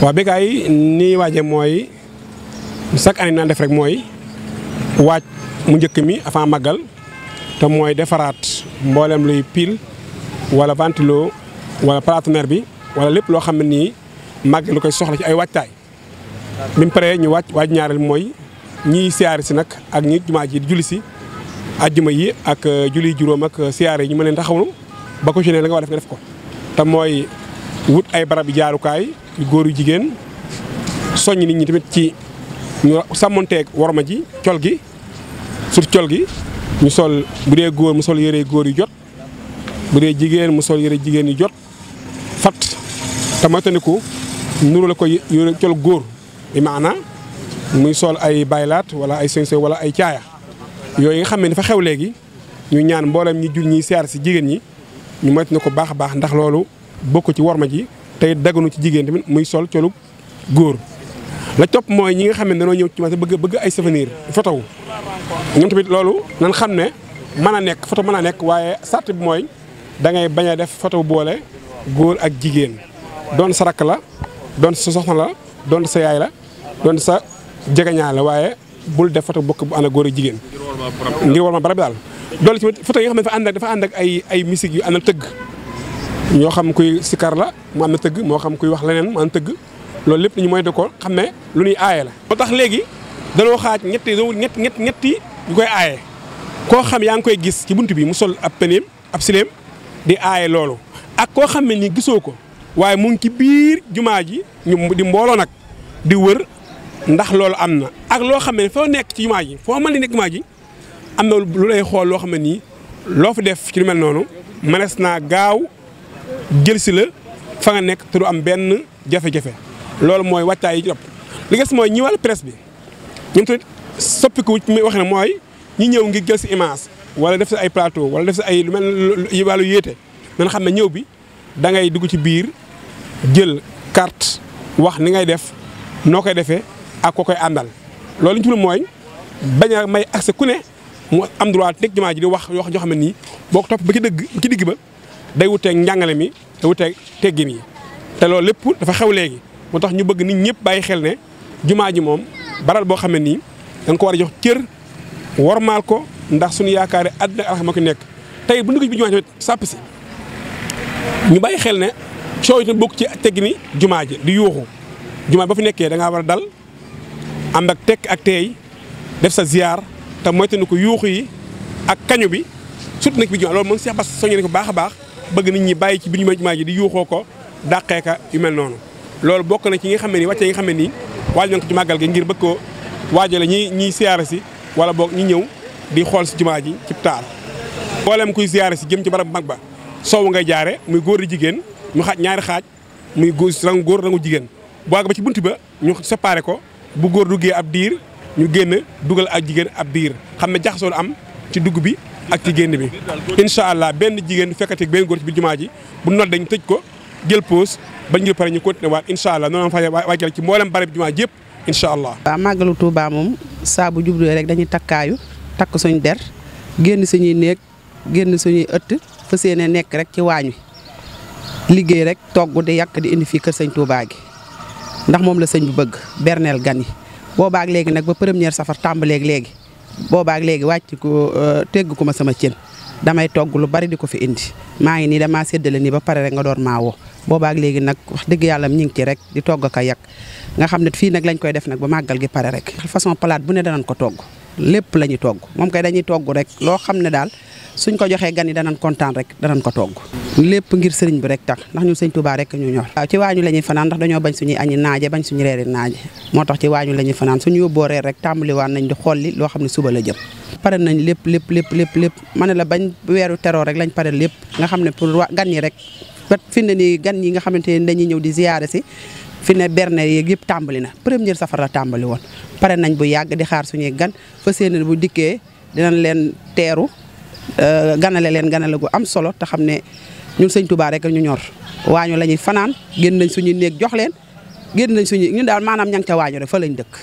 waaw Bécaye ni waaje mooy chaque année naan def rek mooy waaj mu njëkk mi avant maggal te mooy defaraat mboolem luy pile wala ventilo wala paratonnerre bi wala lépp loo xam ne nii màggal lu koy soxla ci ay waajtaay bi mu paree ñu waaj waaj ñaareel mooy ñiy siyaare si nag ak ñi jumaa ji di julli si ajjuma yi ak julli juróom ak siyaare yi ñu mën leen taxawlu ba ko ci ne la nga war def nga def ko te mooy wut ay barab jaarukaay góor yu jigéen soññ nit ñi tamit ci ñu sàmmonteeg worma ji col gi surtout col gi ñu sol bu dee góor mu sol yëre góor yu jot bu dee jigéen mu sol yëre jigéen yu jot fat te moytandiku nuru la ko yëre col góor bi maana muy sol ay baylaat wala ay sensé wala ay caaya yooyu nga xam ne dafa xew léegi ñu ñaan mboolem ñi jur ñiy seer si jigéen ñi ñu moytu na ko baax a baax ndax loolu bokk ci worma ji tey daganu ci jigéen tamit muy sol colub góor la topp mooy ñi nga xam ne dañoo ñëw ci marché bëgg bëgg ay souvenir photo wu tamit loolu nan xam ne mën a nekk photo mën a nekk waaye sart bi mooy da ngay bañ def foto boole góor ak jigéen doon sa rakk la doon sa soxna la doon sa yaay la doon sa jegeñaa la waaye bul def foto bokk bu ànd ak góor ak jigéen ngir war ma barab daal ci tamit photo yi nga xam ne dafa ànd ak dafa ànd ak ay ay yu ànd ak tëgg ñoo xam kuy sikar la mu am na tëgg moo xam kuy wax leneen mu am tëgg loolu lépp dañu mooy da ko xam ne lu ñuy aaye la. moo tax léegi danoo xaaj ñetti dawul ñett ñetti ñetti ñu koy aaye koo xam yaa ngi koy gis ci bunt bi mu sol ab peneem ab sileem di aaye loolu ak koo xam ne ni gisoo ko waaye mu ngi ci biir jumaa ji ñu di mbooloo nag di wër ndax loolu am na. ak loo xam ne foo nekk ci jumaa ji foo mal di nekk jumaa ji am na lu lay xool loo xam ne nii loo fi def ci lu mënees naa gaaw. jël si la fa nga nekk te du am benn jafe-jafe loolu mooy wàccaay yi topp li nga si mooy ñi wàllu presse bi ñun tamit soppiku mi wax ne mooy ñi ñëw ngi jël si image wala def si ay plateau wala def si ay lu mel ne wàllu yéete man xam ne ñëw bi da ngay dugg ci biir jël carte wax ni ngay def noo koy defee ak ko koy àndal loolu ñu ci mooy bañ a may accès ku ne mu am droit nekk jumaa ji di wax yoo xam ne nii boo ko topp ba ci dëgg ba ci digg ba. day wuteeg njàngale mi day wuteeg teggin yi te loolu lépp dafa xew léegi moo tax ñu bëgg nit ñëpp bàyyi xel ne jumaa ji moom baral boo xam ne nii da ko war a jox cër wormaal ko ndax suñu yaakaari àddina alxama ko nekk tey bu ndugg bi jumaa tamit ñu bàyyi xel ne coow bokk ci teggini jumaa ji di yuuxu jumaa ba fi nekkee da war a dal ànd ak tekk ak teey def sa ziar te moytanu ko yuuxu yi ak kañu bi surtout nag bi jumaa loolu moom Seex Bas soññee ko baax a baax bëgg nit ñi bàyyi ci biir jumaa ji di yuuxoo ko dàqee ka yu mel noonu loolu bokk na ci nga xam ne ni wàcce ngi nga xam ne nii waaj nañ ko ci màggal gi ngir bëgg koo waajale ñiy siyaare si wala boog ñi ñëw di xool si jumaa ji ci taal mboolem kuy siyaare si jëm ci barab mag ba soow ngay jaare muy góor di jigéen mu xaaj ñaari xaaj muy góor rangu góor rangu jigéen bu àgg ba ci buntu ba ñu séparé ko bu góor duggee ab diir ñu génn dugal ak jigéen ab diir xam ne jaxasoo am ci dugg bi ak ci génn bi incha allah benn jigéen fekkati benn góor ci bi jumaa ji bu nodd dañu tëj ko jël pause bañ ñu pare ñu continuer waat incha allah noonu am fa waajal ci mboolem barab jumaa ji yëpp incha allah. waaw màggalu Touba moom saabu bu jubluwee rek dañuy takkaayu takk suñu der génn suñuy néeg génn suñuy ëtt fas yéene nekk rek ci waañ wi liggéey rek togg di yàq di indi fii kër sañ Touba gi ndax moom la sëñ bi bëgg berneel gan yi boobaag léegi nag ba première safar tàmbaleeg léegi. boobaak léegi wàcc ko euh, tegg ko ma sama cën damay togg lu bari di ko fi indi maa ngi nii damaa séddale nii ba pare rek nga door maa woo boobaak léegi nag wax dëgg yàlla ñu ngi ci rek di togg ak a nga xam ne fii nag lañ koy def nag ba màggal gi pare rek façon palaat bu ne danañ ko togg lépp la ñuy togg moom kay dañuy togg rek loo xam ne daal suñ ko joxee gan yi danañ kontaan rek danañ ko togg lépp ngir sëriñ bi rek tax ndax ñun sëñ Touba rek ñu ñor waaw ci waañu la ñuy fanaan ndax dañoo bañ suñuy añi naaje bañ suñu reeri naaje moo tax ci waañu la ñuy fanaan suñu yóbboo reer rek tàmbaliwaan nañ di xolli loo xam ne suba la jëm pare nañ lépp lépp lépp lépp lépp ma ne la bañ weeru teroo rek lañ pare lépp nga xam ne pour gan ñi rek ba fi ne nii gan yi nga xamante ne dañuy ñëw di ziyaare si fi ne berne yeeg yëpp tàmbali na première safar la tàmbali woon pare nañ bu yàgg di xaar suñuy gan fa bu dikkee dinañ leen teeru euh, ganale leen ganale gu am solo ñun sëñ Touba rek ñu ñor waañu la ñuy fanaan génn nañ suñuy néeg jox leen génn nañ suñu ñun daal maanaam ña nga ca waañu rek fa lañ dëkk